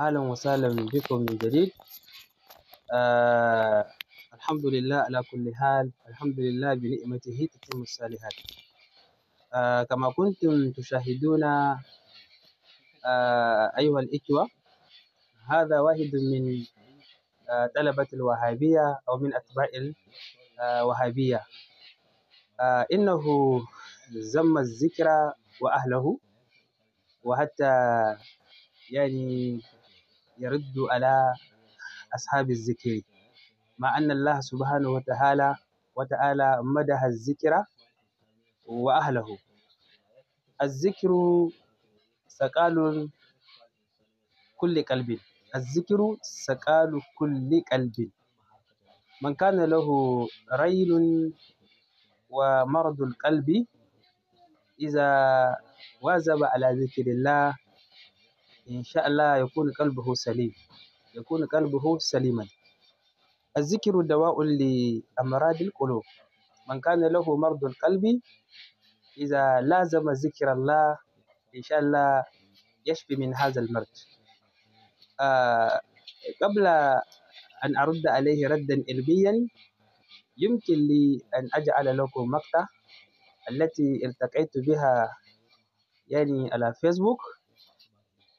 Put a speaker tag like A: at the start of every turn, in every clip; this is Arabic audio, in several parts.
A: اهلا وسهلا بكم من جديد آه الحمد لله على كل حال الحمد لله بنعمته تتم الصالحات آه كما كنتم تشاهدون آه ايها الاخوه هذا واحد من آه طلبه الوهابيه او من اتباع الوهابيه آه،, آه انه زم الذكر واهله وحتى يعني يرد على أصحاب الذكر مع أن الله سبحانه وتعالى وتعالى مدح الذكر وأهله الذكر سقال كل قلب الذكر سقال كل قلب من كان له ريل ومرض القلب إذا واظب على ذكر الله إن شاء الله يكون قلبه سليم يكون قلبه سليما الذكر دواء لأمراض القلوب من كان له مرض القلب إذا لازم ذكر الله إن شاء الله يشفي من هذا المرض آه قبل أن أرد عليه ردا إلبيا يمكن لي أن أجعل لكم مقطع التي التقيت بها يعني على فيسبوك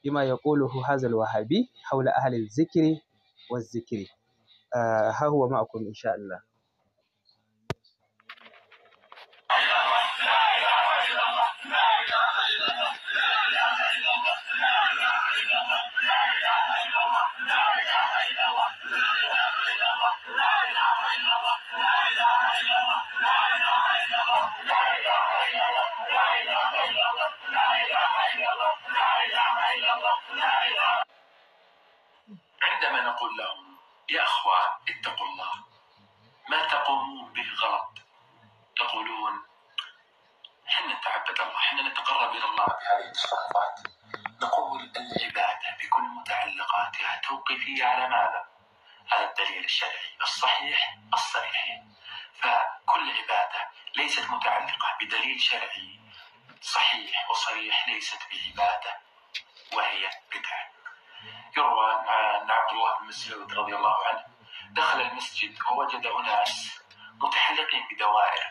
A: بما يقوله هذا الوهابي حول أهل الذكر والذكر آه، ها هو معكم إن شاء الله
B: الله حين نتقرب إلى الله بهذه التصرفات نقول العبادة بكل متعلقاتها توقيفية على ماذا؟ على الدليل الشرعي الصحيح الصريح فكل عبادة ليست متعلقة بدليل شرعي صحيح وصريح ليست بعبادة وهي بدعة يروى عن عبد الله بن مسعود رضي الله عنه دخل المسجد ووجد أناس متحلقين بدوائر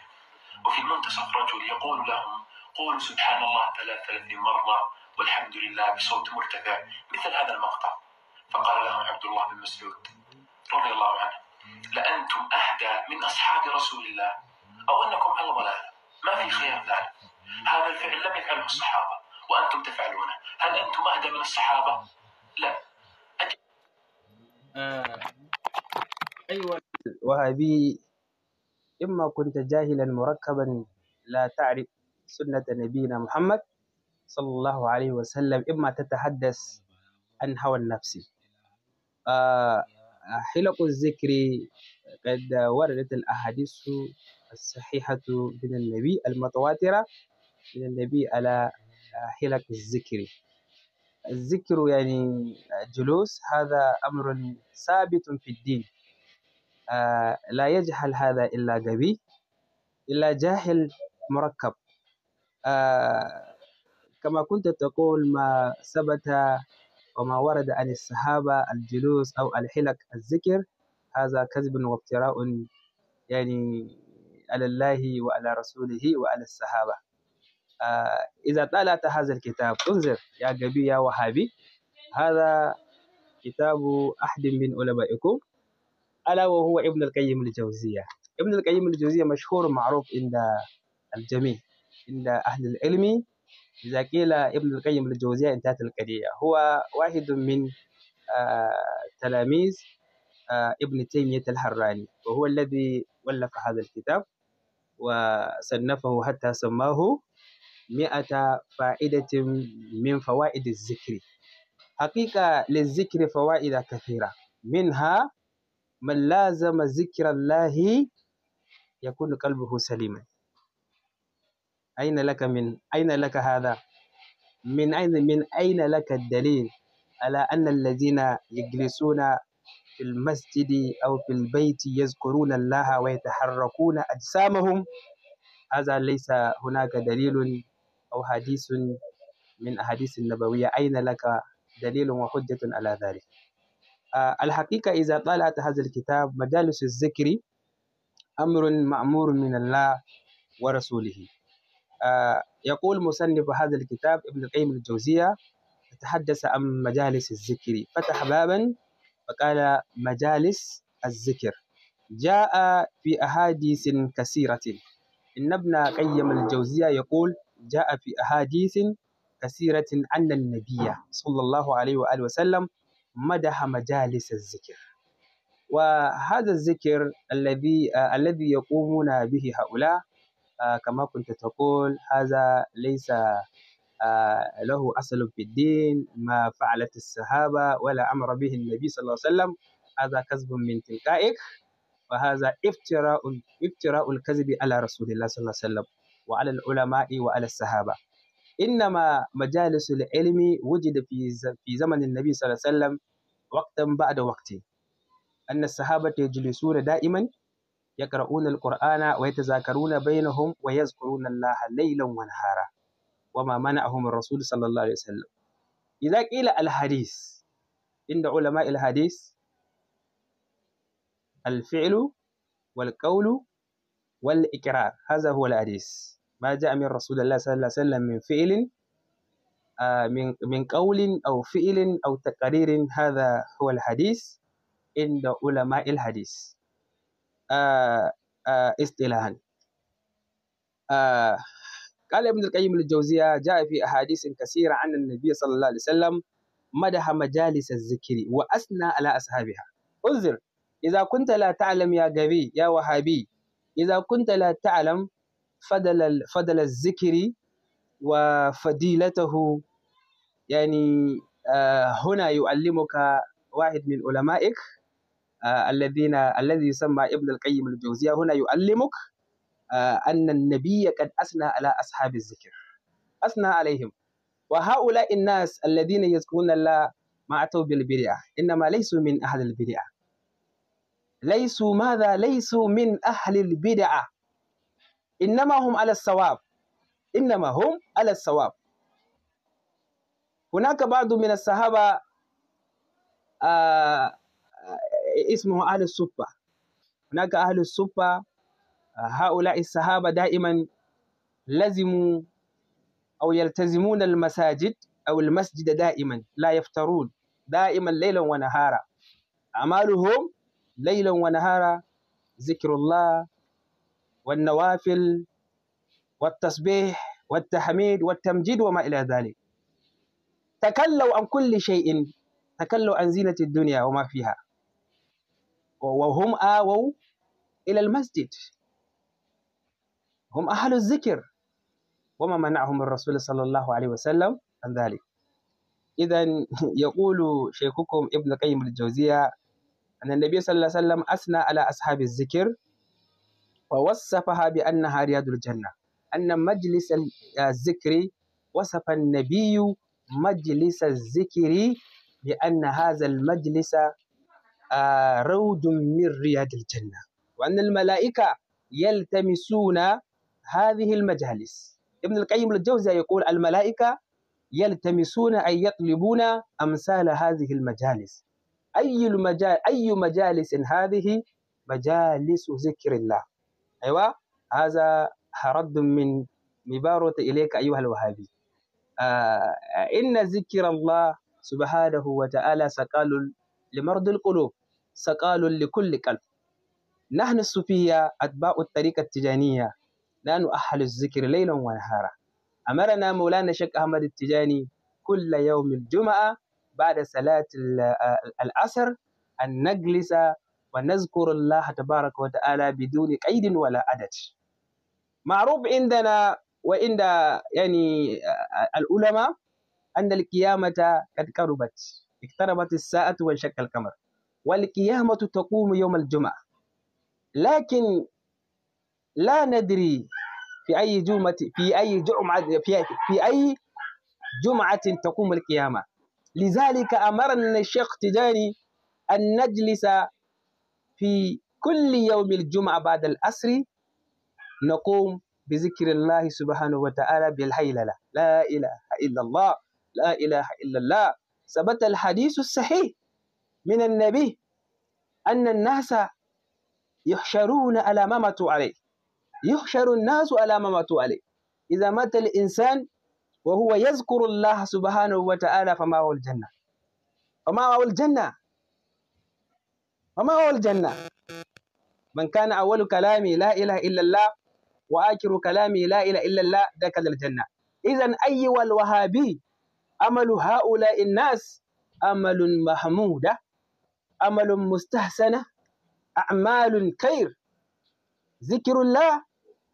B: وفي المنتصف رجل يقول لهم قولوا سبحان الله ثلاثة مرة والحمد لله بصوت مرتفع مثل هذا المقطع فقال لهم عبد الله بن مسعود رضي الله عنه لأنتم أهدى من أصحاب رسول الله أو أنكم على ضلالة ما في خير ذلك هذا الفعل لم يفعله الصحابة وأنتم تفعلونه هل أنتم أهدى من الصحابة؟ لا
A: آه. أيوة الوهابي إما كنت جاهلا مركبا لا تعرف سنة نبينا محمد صلى الله عليه وسلم إما تتحدث عن هوى النفس آه، حلق الذكر قد وردت الأحاديث الصحيحة من النبي المتواترة من النبي على حلق الذكر الذكر يعني جلوس هذا أمر ثابت في الدين آه، لا يجهل هذا إلا غبي إلا جاهل مركب آه، كما كنت تقول ما ثبت وما ورد عن الصحابة الجلوس أو الحلق الذكر هذا كذب وافتراء يعني على الله وعلى رسوله وعلى الصحابة آه، إذا طالعت هذا الكتاب انظر يا قبي يا وهابي هذا كتاب أحد من علمائكم ألا وهو ابن القيم الجوزية ابن القيم الجوزية مشهور معروف عند الجميع عند أهل العلم إذا قيل ابن القيم للجوزية انتهت القضية هو واحد من آه، تلاميذ آه، ابن تيمية الحراني وهو الذي ولف هذا الكتاب وصنفه حتى سماه مئة فائدة من فوائد الذكر حقيقة للذكر فوائد كثيرة منها من لازم ذكر الله يكون قلبه سليما أين لك من أين لك هذا من أين من أين لك الدليل على أن الذين يجلسون في المسجد أو في البيت يذكرون الله ويتحركون أجسامهم هذا ليس هناك دليل أو حديث من أحاديث النبوية أين لك دليل وحجة على ذلك آه، الحقيقة إذا طالعت هذا الكتاب مجالس الذكر أمر مأمور من الله ورسوله آه، يقول مصنف هذا الكتاب ابن القيم الجوزية تحدث عن مجالس الذكر فتح بابا فقال مجالس الذكر جاء في أحاديث كثيرة إن ابن قيم الجوزية يقول جاء في أحاديث كثيرة أن النبي صلى الله عليه وآله وسلم مدح مجالس الذكر وهذا الذكر الذي آه، الذي يقومون به هؤلاء آه، كما كنت تقول هذا ليس آه، له أصل في الدين ما فعلت الصحابة ولا أمر به النبي صلى الله عليه وسلم هذا كذب من تلقائك وهذا افتراء افتراء الكذب على رسول الله صلى الله عليه وسلم وعلى العلماء وعلى الصحابة إنما مجالس العلم وجد في في زمن النبي صلى الله عليه وسلم وقتا بعد وقت أن الصحابة يجلسون دائما يقرؤون القرآن ويتذاكرون بينهم ويذكرون الله ليلا ونهارا وما منعهم الرسول صلى الله عليه وسلم إذا قيل الحديث عند علماء الحديث الفعل والقول والإقرار هذا هو الحديث ما جاء من رسول الله صلى الله عليه وسلم من فعل آه، من من قول أو فعل أو تقرير هذا هو الحديث عند علماء الحديث اصطلاحا آه، آه، آه، قال ابن القيم الجوزية جاء في أحاديث كثيرة عن النبي صلى الله عليه وسلم مدح مجالس الذكر وأثنى على أصحابها انظر إذا كنت لا تعلم يا غبي يا وهابي إذا كنت لا تعلم فضل فضل الذكر وفضيلته يعني هنا يعلمك واحد من علمائك آه، الذين الذي يسمى ابن القيم الجوزية هنا يعلمك آه، أن النبي قد أثنى على أصحاب الذكر أثنى عليهم وهؤلاء الناس الذين يذكرون الله ما أتوا بالبدعة إنما ليسوا من أهل البدعة ليسوا ماذا ليسوا من أهل البدعة إنما هم على الصواب إنما هم على الصواب هناك بعض من الصحابة آه اسمه أهل الصفة هناك أهل الصفة هؤلاء الصحابة دائما لزموا أو يلتزمون المساجد أو المسجد دائما لا يفترون دائما ليلا ونهارا أعمالهم ليلا ونهارا ذكر الله والنوافل والتسبيح والتحميد والتمجيد وما إلى ذلك تكلوا عن كل شيء تكلوا عن زينة الدنيا وما فيها wa hum awaw ila almasjid hum ahlu zikr وما منعهم الرسول صلى الله عليه وسلم عن ذلك إذا يقول شيخكم ابن قيم الجوزية أن النبي صلى الله عليه وسلم أثنى على أصحاب الذكر ووصفها بأنها رياض الجنة أن مجلس الذكر وصف النبي مجلس الذكر بأن هذا المجلس آه، رود من رياض الجنة وأن الملائكة يلتمسون هذه المجالس ابن القيم الجوزي يقول الملائكة يلتمسون أي يطلبون أمثال هذه المجالس أي, المجال أي مجالس هذه مجالس ذكر الله أيوة هذا رد من مبارة إليك أيها الوهابي آه إن ذكر الله سبحانه وتعالى سقال لمرض القلوب سقال لكل قلب نحن الصوفية أتباع الطريقة التجانية لا نؤهل الذكر ليلا ونهارا أمرنا مولانا شك أحمد التجاني كل يوم الجمعة بعد صلاة العصر أن نجلس ونذكر الله تبارك وتعالى بدون قيد ولا عدد معروف عندنا وعند يعني العلماء أن القيامة قد قربت اقتربت الساعة وانشق القمر والقيامة تقوم يوم الجمعة لكن لا ندري في أي جمعة في أي جمعة في, في أي جمعة تقوم القيامة لذلك أمرنا الشيخ تجاني أن نجلس في كل يوم الجمعة بعد الأسر نقوم بذكر الله سبحانه وتعالى بالهيللة لا إله إلا الله لا إله إلا الله ثبت الحديث الصحيح من النبي أن الناس يحشرون على ما ماتوا عليه يحشر الناس على ما ماتوا عليه إذا مات الإنسان وهو يذكر الله سبحانه وتعالى فما هو الجنة فما هو الجنة فما هو الجنة من كان أول كلامي لا إله إلا الله وآخر كلامي لا إله إلا الله دخل الجنة إذا أيها الوهابي أمل هؤلاء الناس أمل محمودة amalun mustahsana a'malun khair zikrullah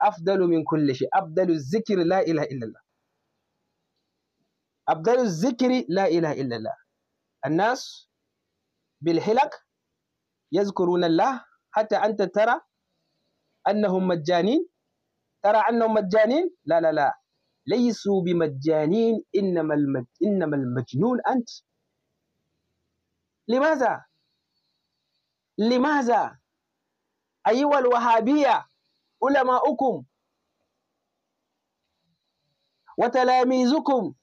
A: afdalu min kulli shay afdalu zikri la ilaha illallah afdalu zikri la ilaha illallah الناس بالحلق يذكرون الله حتى أنت ترى أنهم مجانين ترى أنهم مجانين لا لا لا ليسوا بمجانين إنما, المج... إنما المجنون أنت لماذا؟ لماذا أيها الوهابية علماؤكم وتلاميذكم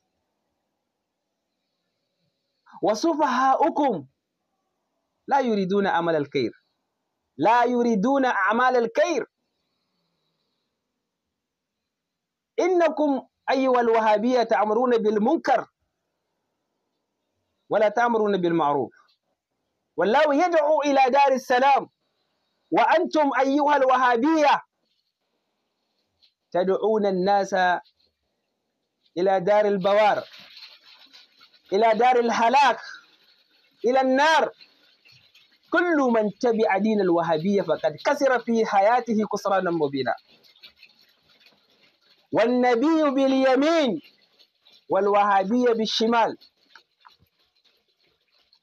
A: وسفهاؤكم لا يريدون عمل الخير لا يريدون أعمال الخير إنكم أيها الوهابية تأمرون بالمنكر ولا تأمرون بالمعروف والله يدعو إلى دار السلام وأنتم أيها الوهابية تدعون الناس إلى دار البوار إلى دار الهلاك إلى النار كل من تبع دين الوهابية فقد كسر في حياته كسرانا مبينا والنبي باليمين والوهابية بالشمال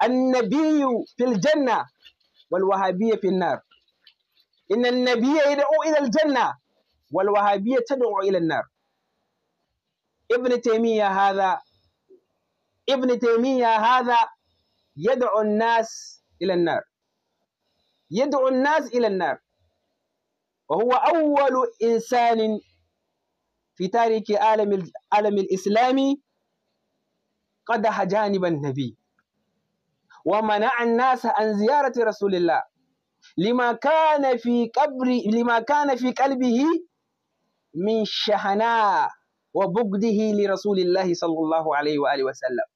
A: النبي في الجنة والوهابية في النار إن النبي يدعو إلى الجنة والوهابية تدعو إلى النار ابن تيمية هذا ابن تيمية هذا يدعو الناس إلى النار يدعو الناس إلى النار وهو أول إنسان في تاريخ عالم الإسلامي قدح جانب النبي ومنع الناس عن زيارة رسول الله لما كان في قبر لما كان في قلبه من شهناء وبغضه لرسول الله صلى الله عليه وآله وسلم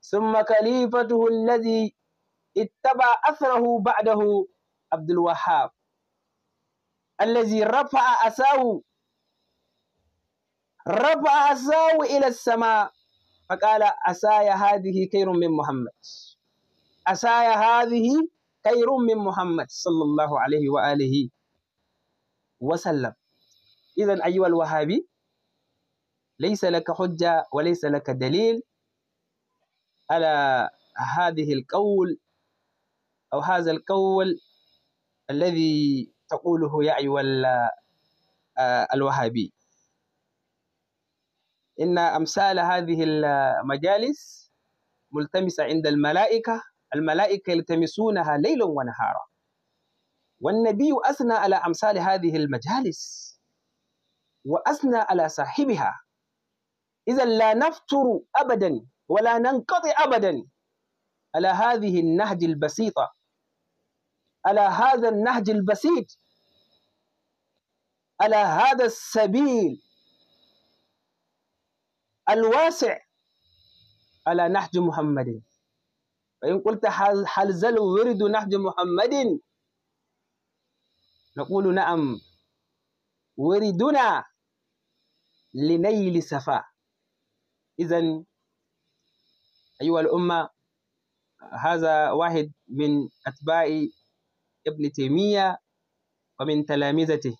A: ثم خليفته الذي اتبع أثره بعده عبد الوهاب الذي رفع أساه رفع أساه إلى السماء فقال أسايا هذه خير من محمد أسايا هذه خير من محمد صلى الله عليه وآله وسلم إذا أيها الوهابي ليس لك حجة وليس لك دليل على هذه القول أو هذا القول الذي تقوله يا أيها آه، الوهابي إن أمثال هذه المجالس ملتمسة عند الملائكة الملائكة يلتمسونها ليلا ونهارا والنبي أثنى على أمثال هذه المجالس وأثنى على صاحبها إذا لا نفتر أبدا ولا ننقطع أبدا على هذه النهج البسيطة على هذا النهج البسيط على هذا السبيل الواسع على نهج محمد فإن قلت هل زل ورد نهج محمد نقول نعم وردنا لنيل سفا إذا أيها الأمة هذا واحد من أتباع ابن تيمية ومن تلامذته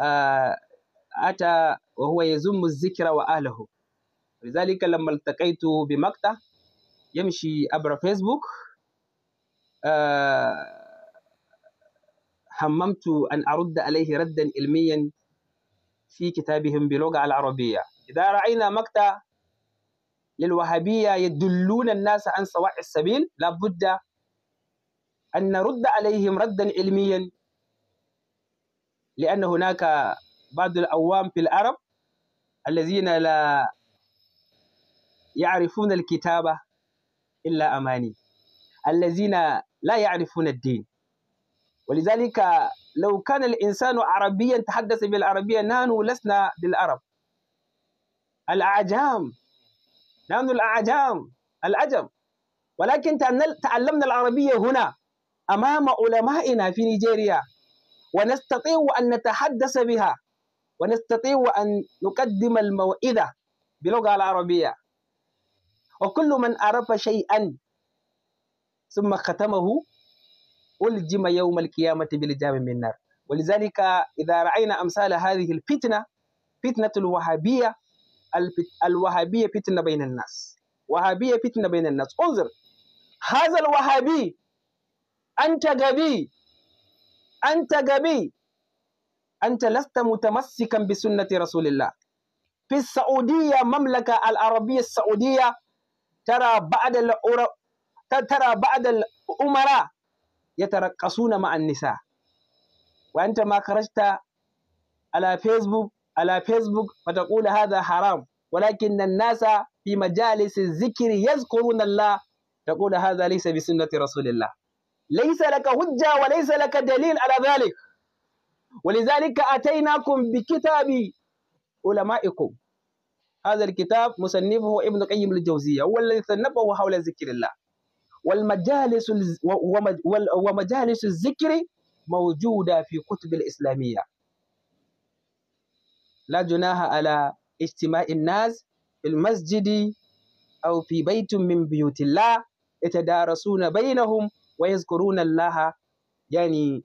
A: آه، أتى وهو يزم الذكر وأهله لذلك لما التقيت بمكة يمشي عبر فيسبوك آه أن أرد عليه ردا علميا في كتابهم بلغة العربية إذا رأينا مقطع للوهابية يدلون الناس عن سواء السبيل لابد أن نرد عليهم ردا علميا لأن هناك بعض الأوام في العرب الذين لا يعرفون الكتابة إلا أماني الذين لا يعرفون الدين ولذلك لو كان الإنسان عربيا تحدث بالعربية نحن لسنا بالعرب الأعجام نحن الأعجام العجم ولكن تعلمنا العربية هنا أمام علمائنا في نيجيريا ونستطيع أن نتحدث بها ونستطيع أن نقدم الموئدة بلغة العربية وكل من عرف شيئا ثم ختمه ألجم يوم القيامة بلجام من النار ولذلك إذا رأينا أمثال هذه الفتنة فتنة الوهابية الوهابية فتنة بين الناس وهابية فتنة بين الناس انظر هذا الوهابي أنت غبي أنت غبي أنت لست متمسكا بسنة رسول الله في السعودية مملكة العربية السعودية tara ba'da tattara umara ya taraqqasuna ma'an nisa wa makaranta ma kharajta ala facebook ala facebook fa taqulu haram ولكن الناس في مجالس الذكر يذكرون الله تقول هذا ليس بسنة رسول الله ليس لك حجة وليس لك دليل على ذلك ولذلك أتيناكم بكتاب علمائكم هذا الكتاب مصنفه ابن قيم الجوزية هو الذي صنفه حول ذكر الله والمجالس ومجالس الذكر موجودة في كتب الإسلامية لا جناح على اجتماع الناس في المسجد أو في بيت من بيوت الله يتدارسون بينهم ويذكرون الله يعني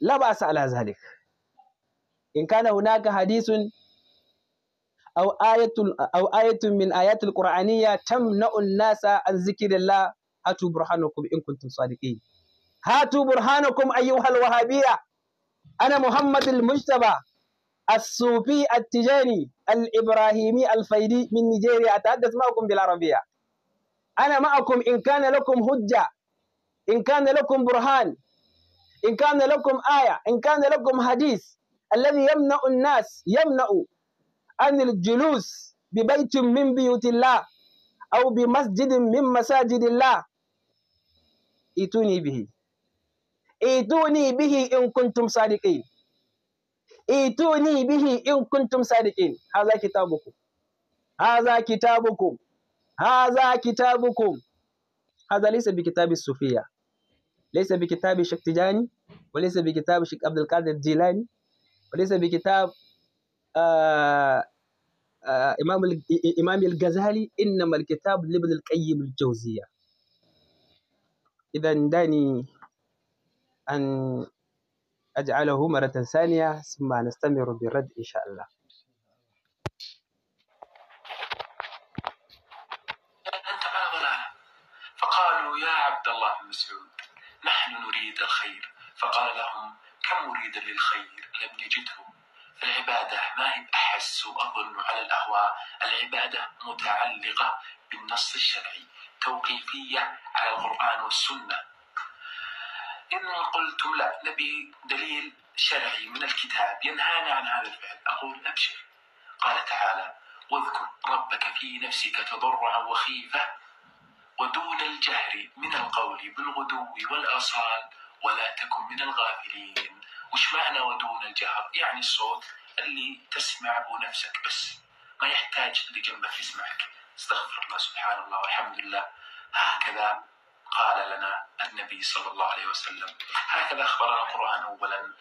A: لا بأس على ذلك إن كان هناك حديث أو آية أو آية من آيات القرآنية تمنع الناس عن ذكر الله هاتوا برهانكم إن كنتم صادقين هاتوا برهانكم أيها الوهابية أنا محمد المجتبى الصوفي التجاني الإبراهيمي الفيدي من نيجيريا أتحدث معكم بالعربية أنا معكم إن كان لكم هجة إن كان لكم برهان إن كان لكم آية إن كان لكم حديث الذي يمنع الناس يمنع anil julus bi baitin min biyutillah aw bi masjidin min masajidillah ituni bihi ituni bihi in kuntum sadiqin ituni bihi in kuntum sadiqin haza kitabukum haza kitabukum haza kitabukum haza laysa bi kitabi sufiya laysa bi kitabi shaktijani wa laysa bi kitabi shak abdul qadir wa laysa kitab آه، آه، امام امام الغزالي انما الكتاب لابن القيم الجوزيه اذا دعني ان اجعله مره ثانيه ثم نستمر بالرد ان شاء الله
B: فقالوا يا عبد الله بن مسعود نحن نريد الخير فقال لهم كم مريد للخير لم يجدهم العبادة ما هي بأحس وأظن على الأهواء العبادة متعلقة بالنص الشرعي توقيفية على القرآن والسنة إن قلتم لا نبي دليل شرعي من الكتاب ينهانا عن هذا الفعل أقول أبشر قال تعالى واذكر ربك في نفسك تضرعا وخيفة ودون الجهر من القول بالغدو والأصال ولا تكن من الغافلين وش معنى ودون الجهر يعني الصوت اللي تسمعه نفسك بس ما يحتاج اللي جنبك يسمعك استغفر الله سبحان الله والحمد لله هكذا قال لنا النبي صلى الله عليه وسلم هكذا أخبرنا القرآن أولا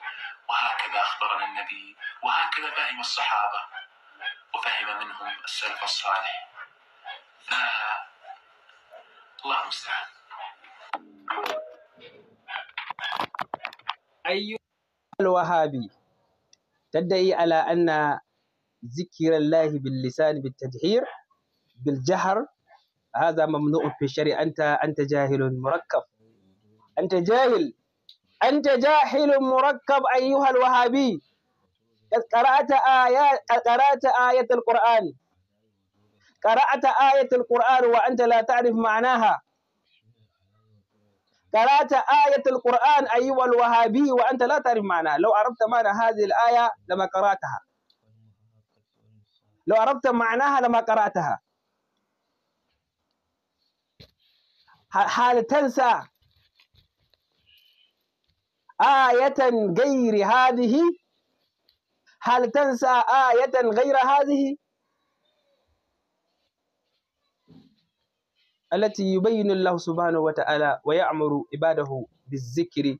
B: وهكذا أخبرنا النبي وهكذا فهم الصحابة وفهم منهم السلف الصالح ف... الله المستعان
A: أيوة الوهابي تدعي على أن ذكر الله باللسان بالتدحير بالجهر هذا ممنوع في الشريعة أنت أنت جاهل مركب أنت جاهل أنت جاهل مركب أيها الوهابي قد قرأت آيات قرأت آية القرآن قرأت آية القرآن وأنت لا تعرف معناها قرأت آية القرآن أيها الوهابي وأنت لا تعرف معناها لو عرفت معنى هذه الآية لما قرأتها لو عرفت معناها لما قرأتها حال تنسى آية غير هذه هل تنسى آية غير هذه التي يبين الله سبحانه وتعالى ويأمر عباده بالذكر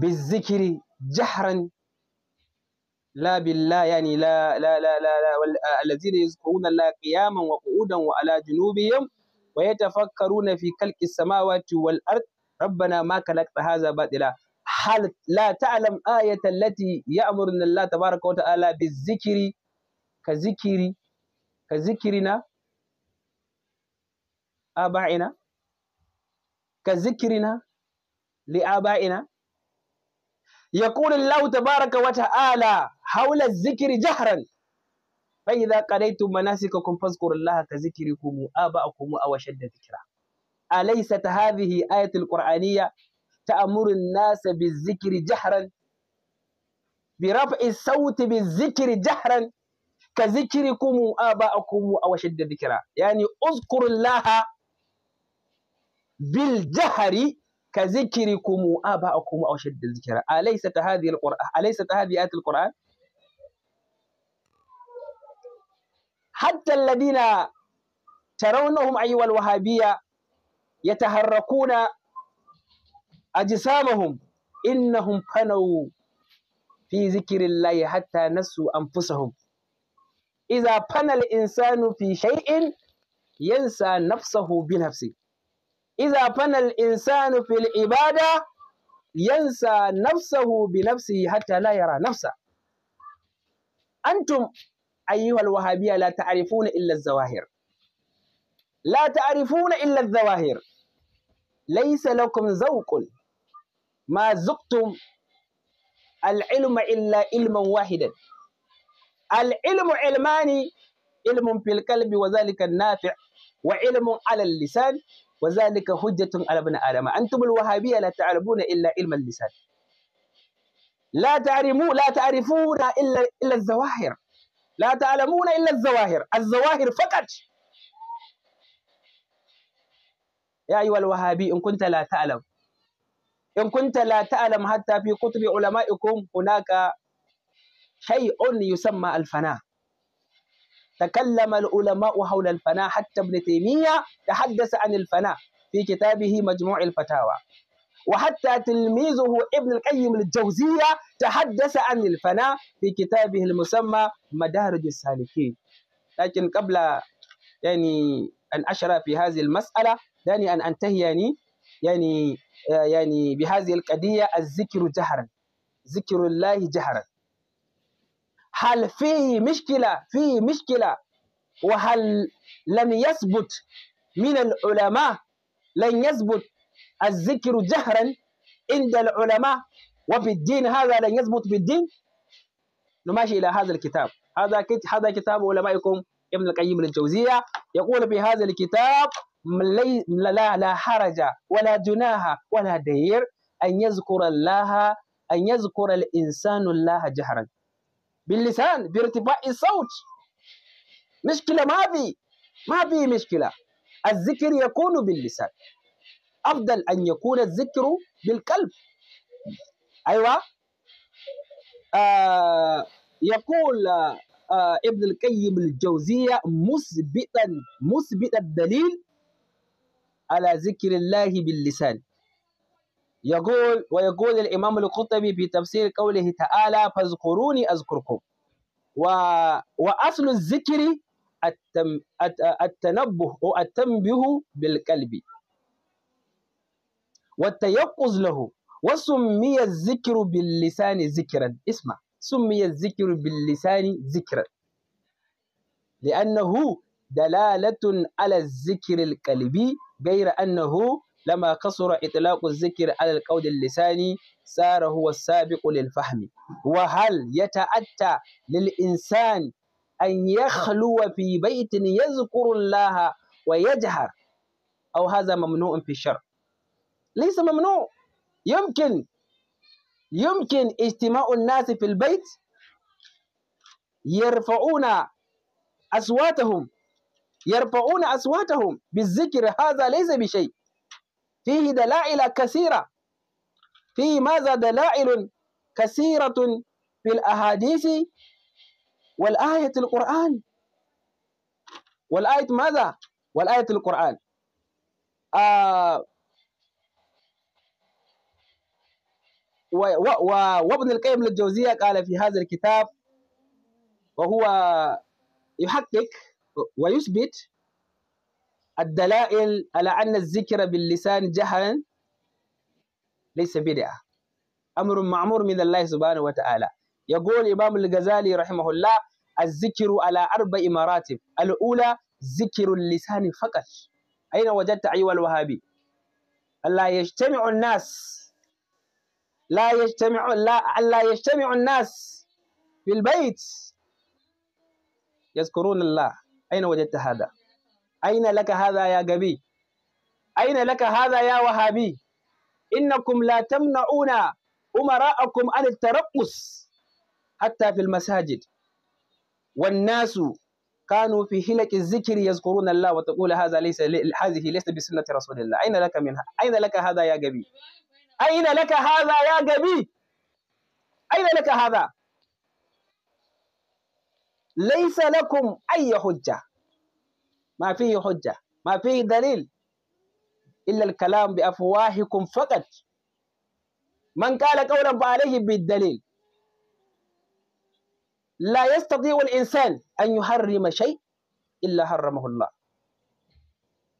A: بالذكر جهرا لا بالله يعني لا لا لا لا, لا الذين يذكرون الله قياما وقعودا وعلى جنوبهم ويتفكرون في خلق السماوات والأرض ربنا ما خلقت هذا باطلا هل لا تعلم آية التي يأمرنا الله تبارك وتعالى بالذكر كذكر كذكرنا aba'ina ka zikrina li aba'ina يقول الله تبارك وتعالى حول الذكر جهرا فإذا قضيتم مناسككم فاذكروا الله كذكركم آباءكم أو أشد ذكرا أليست هذه آية القرآنية تأمر الناس بالذكر جهرا برفع الصوت بالذكر جهرا كذكركم آباءكم أو أشد ذكرا يعني اذكروا الله bil jahari ka zikirikum aba'akum a shadda zikra alaysa ta hadhihi alquran alaysa ta hadhihi ayatul quran hatta alladhina tarawnahum ayyuha alwahabiyya yataharrakuna ajsamahum innahum fanaw fi zikrillahi hatta nasu anfusahum idza fana al-insanu fi shay'in yansa nafsahu bi nafsihi إذا فنى الإنسان في العبادة ينسى نفسه بنفسه حتى لا يرى نفسه أنتم أيها الوهابية لا تعرفون إلا الظواهر لا تعرفون إلا الظواهر ليس لكم ذوق ما ذقتم العلم إلا علما واحدا العلم علمان علم في القلب وذلك النافع وعلم على اللسان wa zalika hujjatun ala ibn adama antumul wahabiyya la ta'lamuna illa ilmal lisan la ta'rimu la ta'rifuna illa illa zawahir la ta'lamuna illa az-zawahir az-zawahir faqat ya ayyuhal wahabi in kunta la ta'lam in kunta la ta'lam hatta fi kutubi ulama'ikum hunaka shay'un yusamma al تكلم العلماء حول الفناء حتى ابن تيمية تحدث عن الفناء في كتابه مجموع الفتاوى وحتى تلميذه ابن القيم الجوزية تحدث عن الفناء في كتابه المسمى مدارج السالكين لكن قبل يعني أن أشر في هذه المسألة دعني أن أنتهي يعني يعني آه، يعني بهذه القضية الذكر جهرا ذكر الله جهرا هل فيه مشكلة فيه مشكلة وهل لم يثبت من العلماء لن يثبت الذكر جهرا عند العلماء وفي الدين هذا لن يثبت في الدين نماشي إلى هذا الكتاب هذا هذا كتاب علمائكم ابن القيم الجوزية يقول في هذا الكتاب لا لا حرج ولا جناح ولا دير أن يذكر الله أن يذكر الإنسان الله جهرا باللسان بارتفاع الصوت مشكلة ما في ما في مشكلة الذكر يكون باللسان أفضل أن يكون الذكر بالقلب أيوة آه يقول آه ابن القيم الجوزية مثبتا مثبت الدليل على ذكر الله باللسان يقول ويقول الإمام القطبي في تفسير قوله تعالى فاذكروني أذكركم و... وأصل الذكر التم... التنبه أو التنبه بالقلب والتيقظ له وسمي الذكر باللسان ذكرا اسمع سمي الذكر باللسان ذكرا لأنه دلالة على الذكر القلبي غير أنه لما قصر إطلاق الذكر على القول اللساني صار هو السابق للفهم وهل يتأتى للإنسان أن يخلو في بيت يذكر الله ويجهر أو هذا ممنوع في الشرع ليس ممنوع يمكن يمكن اجتماع الناس في البيت يرفعون أصواتهم يرفعون أصواتهم بالذكر هذا ليس بشيء فيه دلائل كثيرة فيه ماذا دلائل كثيرة في الأحاديث والآية القرآن والآية ماذا؟ والآية القرآن آه وابن القيم للجوزية قال في هذا الكتاب وهو يحقق ويثبت الدلائل على أن الذكر باللسان جهلا ليس بدعة أمر معمور من الله سبحانه وتعالى يقول إمام الغزالي رحمه الله الذكر على أربع مراتب الأولى ذكر اللسان فقط أين وجدت أيها الوهابي لا يجتمع الناس لا يجتمع لا لا يجتمع الناس في البيت يذكرون الله أين وجدت هذا أين لك هذا يا جبي أين لك هذا يا وهابي إنكم لا تمنعون أمراءكم عن الترقص حتى في المساجد والناس كانوا في هلك الذكر يذكرون الله وتقول هذا ليس هذه ليست بسنة رسول الله أين لك منها أين لك هذا يا جبي أين لك هذا يا جبي أين لك هذا ليس لكم أي حجة ما فيه حجة ما فيه دليل إلا الكلام بأفواهكم فقط من قال قولا فعليه بالدليل لا يستطيع الإنسان أن يحرم شيء إلا حرمه الله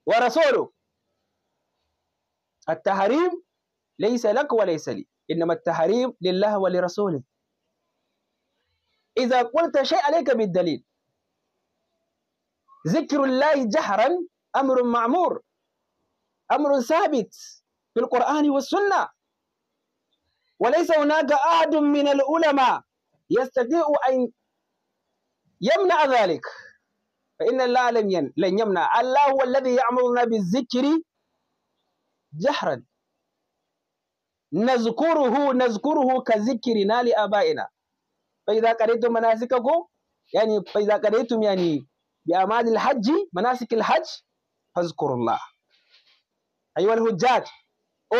A: ورسوله التحريم ليس لك وليس لي إنما التحريم لله ولرسوله إذا قلت شيء عليك بالدليل zikrullahi jahran amrun ma'mur amrun sabit fil qur'ani was sunnah وليس هناك أحد من العلماء يستطيع أن يمنع ذلك فإن الله لم لن يمنع الله هو الذي يأمرنا بالذكر جهرا نذكره نذكره كذكرنا لآبائنا فإذا قريتم مناسككم يعني فإذا قريتم يعني bi amalil hajji manasikil hajj fazkurullah ayyuhal hujjaj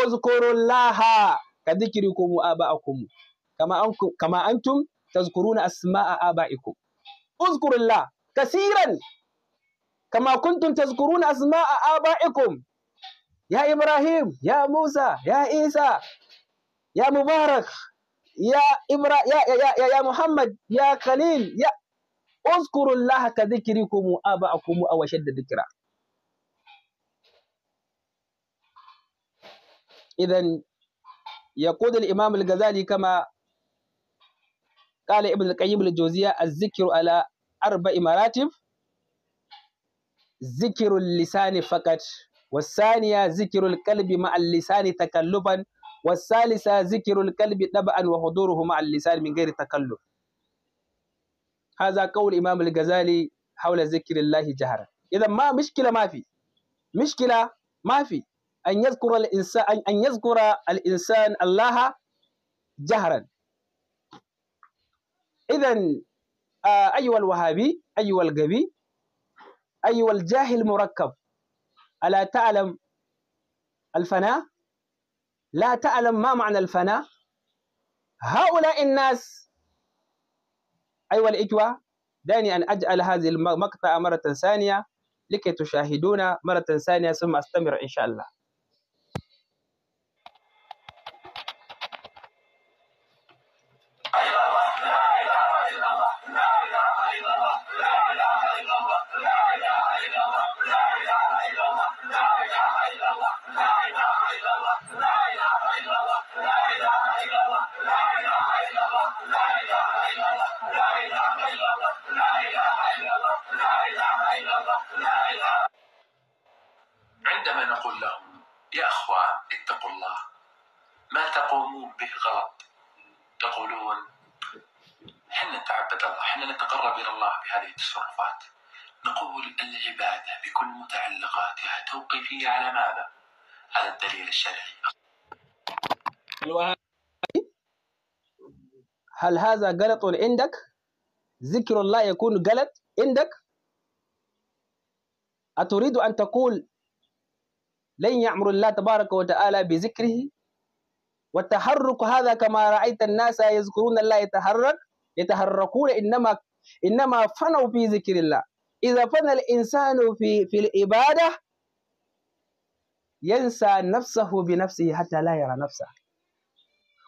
A: uzkurullaha ka dhikrikum aba'akum kama ankum kama antum tazkuruna asma'a aba'ikum uzkurullah kasiran kama kuntum tazkuruna asma'a aba'ikum ya ibrahim ya musa ya isa ya mubarak ya ibra ya muhammad ya khalil uzkurullah ka zikrikum aba'akum aw shadda dhikra idan يقول الإمام الغزالي كما قال ابن القيم الجوزية الذكر على أربع مراتب ذكر اللسان فقط والثانية ذكر القلب مع اللسان تكلفا والثالثة ذكر القلب طبعا وحضوره مع اللسان من غير تكلف هذا قول إمام الغزالي حول ذكر الله جهرا إذا ما مشكلة ما في مشكلة ما في أن يذكر الإنسان أن يذكر الإنسان الله جهرا إذا آه، أيها الوهابي أيها الغبي أيها الجاهل المركب ألا تعلم الفناء لا تعلم ما معنى الفناء هؤلاء الناس ai wal ikwa dani an aj'al hadhihi al maqta'a maratan thaniya likay tushahiduna maratan thaniya thumma astamir insha Allah
B: تقومون به غلط تقولون حنا نتعبد الله حنا نتقرب إلى الله بهذه التصرفات نقول العبادة بكل متعلقاتها توقيفية على ماذا؟ على الدليل الشرعي
A: هل هذا غلط عندك؟ ذكر الله يكون غلط عندك؟ أتريد أن تقول لن يعمر الله تبارك وتعالى بذكره والتحرك هذا كما رأيت الناس يذكرون الله يتحرك يتحركون إنما إنما فنوا في ذكر الله إذا فن الإنسان في في العبادة ينسى نفسه بنفسه حتى لا يرى نفسه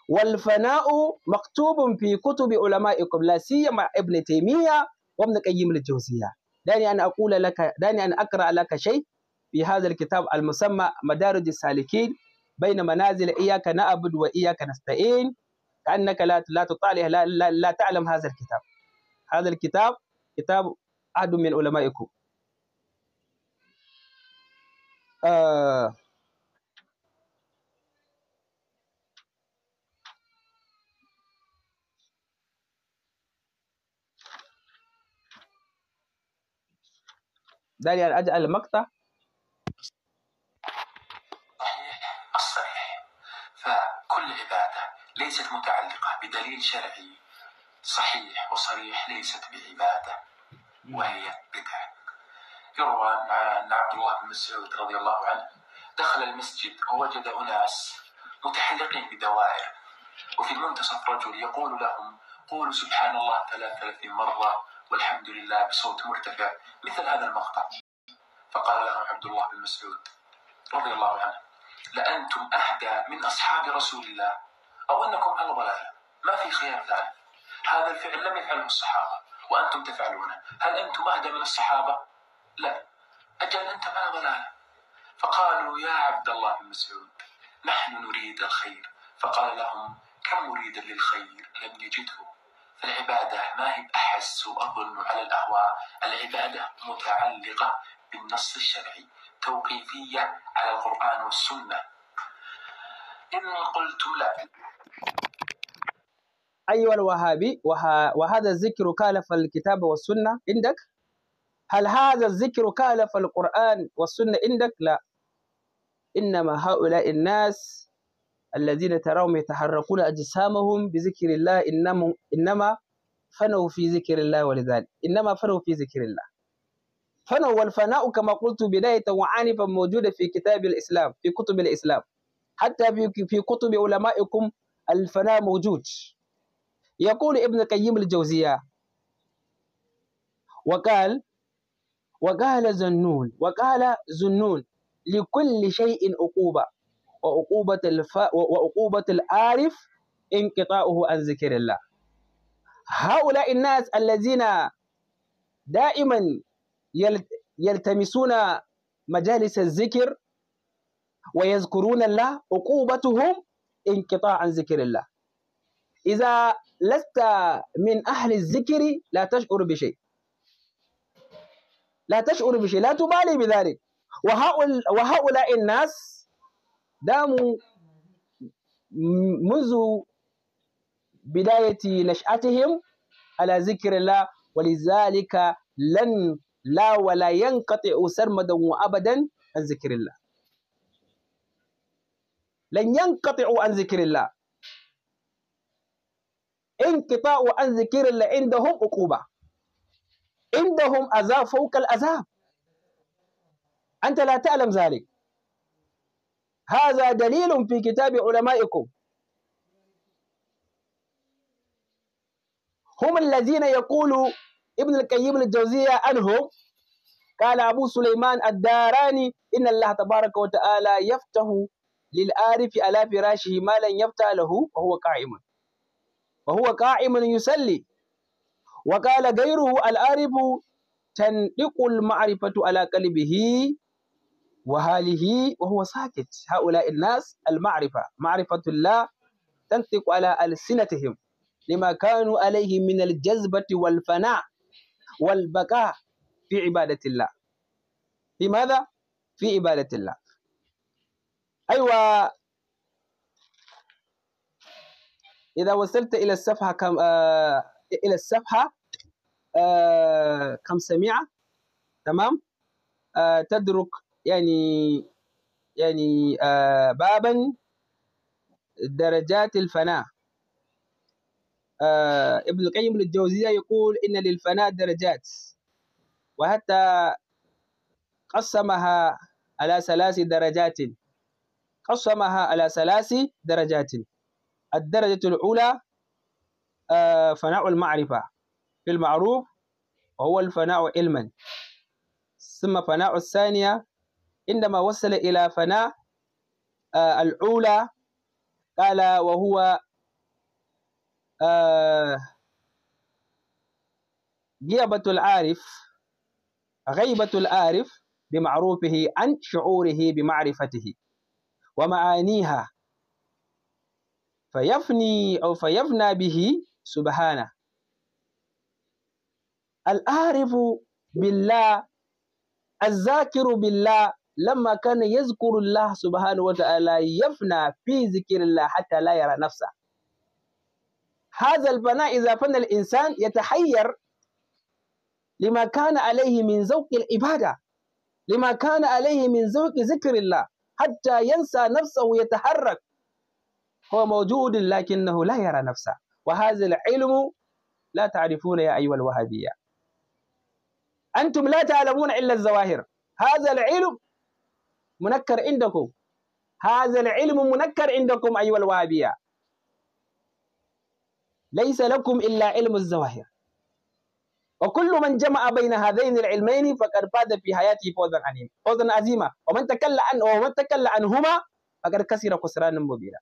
A: والفناء مكتوب في كتب علمائكم لا سيما ابن تيمية وابن قيم الجوزية دعني أن أقول لك دعني أن أقرأ لك شيء في هذا الكتاب المسمى مدارج السالكين بين منازل إياك نعبد وإياك نستعين كأنك لا لا تطالع لا, لا, لا تعلم هذا الكتاب هذا الكتاب كتاب أحد من علمائكم آه دعني أن أجعل مقطع العبادة ليست متعلقة بدليل شرعي صحيح وصريح ليست بعبادة وهي بدعة يروى عن عبد الله
B: بن مسعود رضي الله عنه دخل المسجد ووجد أناس متحلقين بدوائر وفي المنتصف رجل يقول لهم قولوا سبحان الله 33 مرة والحمد لله بصوت مرتفع مثل هذا المقطع فقال له عبد الله بن مسعود رضي الله عنه لأنتم أهدى من أصحاب رسول الله أو أنكم على ضلالة ما في خيار ثاني هذا الفعل لم يفعله الصحابة وأنتم تفعلونه هل أنتم أهدى من الصحابة؟ لا أجل أنتم على ضلالة فقالوا يا عبد الله بن مسعود نحن نريد الخير فقال لهم كم مريد للخير لم يجده فالعبادة ما هي بأحس وأظن على الأهواء العبادة متعلقة بالنص الشرعي توقيفية على القرآن والسنة إن قلت لا
A: أيها الوهابي وه... وهذا الذكر كالف الكتاب والسنة عندك هل هذا الذكر كالف القرآن والسنة عندك لا إنما هؤلاء الناس الذين تراهم يتحركون أجسامهم بذكر الله إنما إنما فنوا في ذكر الله ولذلك إنما فنوا في ذكر الله فنا والفناء كما قلت بدايه وعانفا موجوده في كتاب الاسلام في كتب الاسلام حتى في في كتب علمائكم الفناء موجود يقول ابن قيم الجوزية وقال وقال زنون وقال زنون لكل شيء عقوبة وعقوبة الف... وعقوبة العارف انقطاعه عن ذكر الله هؤلاء الناس الذين دائما يلتمسون مجالس الذكر ويذكرون الله عقوبتهم انقطاع عن ذكر الله إذا لست من أهل الذكر لا تشعر بشيء لا تشعر بشيء لا تبالي بذلك وهؤلاء الناس داموا منذ بداية نشأتهم على ذكر الله ولذلك لن لا ولا ينقطع سرمدا وأبدا عن ذكر الله لن ينقطع عن ذكر الله انقطاع عن ذكر الله عندهم عقوبة عندهم عذاب فوق العذاب أنت لا تعلم ذلك هذا دليل في كتاب علمائكم هم الذين يقولوا ابن القيم الجوزية عنهم قال أبو سليمان الداراني إن الله تبارك وتعالى يفتح للآرف على فراشه ما لن يفتح له وهو قائم وهو قائم يسلي وقال غيره الآرف تنطق المعرفة على قلبه وهاله وهو ساكت هؤلاء الناس المعرفة معرفة الله تنطق على ألسنتهم لما كانوا عليه من الجذبة والفناء والبقاء في عبادة الله في ماذا؟ في عبادة الله أيوة إذا وصلت إلى الصفحة كم آه إلى الصفحة آه كم سميعة تمام آه تدرك يعني يعني آه بابا درجات الفناء آه ابن القيم للجوزية يقول إن للفناء درجات وحتى قسمها على ثلاث درجات قسمها على ثلاث درجات الدرجة الأولى آه فناء المعرفة في المعروف وهو الفناء علما ثم فناء الثانية عندما وصل إلى فناء آه الأولى قال وهو giyabatul arif ghaibatul arif bi ma'rufihi an shu'urihi bi ma'rifatihi wa ma'aniha fayafni aw fayafna bihi subhana العارف بالله الذاكر بالله لما كان يذكر الله subhana wa ta'ala yafna fi الله hatta la yara nafsa. هذا البناء إذا فن الإنسان يتحير لما كان عليه من ذوق العبادة لما كان عليه من ذوق ذكر الله حتى ينسى نفسه يتحرك هو موجود لكنه لا يرى نفسه وهذا العلم لا تعرفون يا أيها الوهابية أنتم لا تعلمون إلا الظواهر هذا العلم منكر عندكم هذا العلم منكر عندكم أيها الوهابية ليس لكم إلا علم الزواهر وكل من جمع بين هذين العلمين فقد فاز في حياته فوزا عظيما فوزا عظيما ومن تكلى عن ومن تكلى عنهما فقد كسر خسرانا مبينا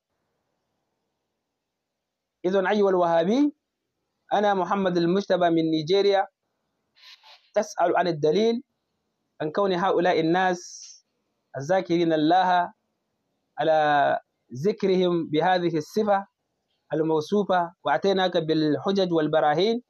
A: إذا أيها الوهابي أنا محمد المجتبى من نيجيريا تسأل عن الدليل عن كون هؤلاء الناس الذاكرين الله على ذكرهم بهذه الصفة الموصوفة وأتيناك بالحجج والبراهين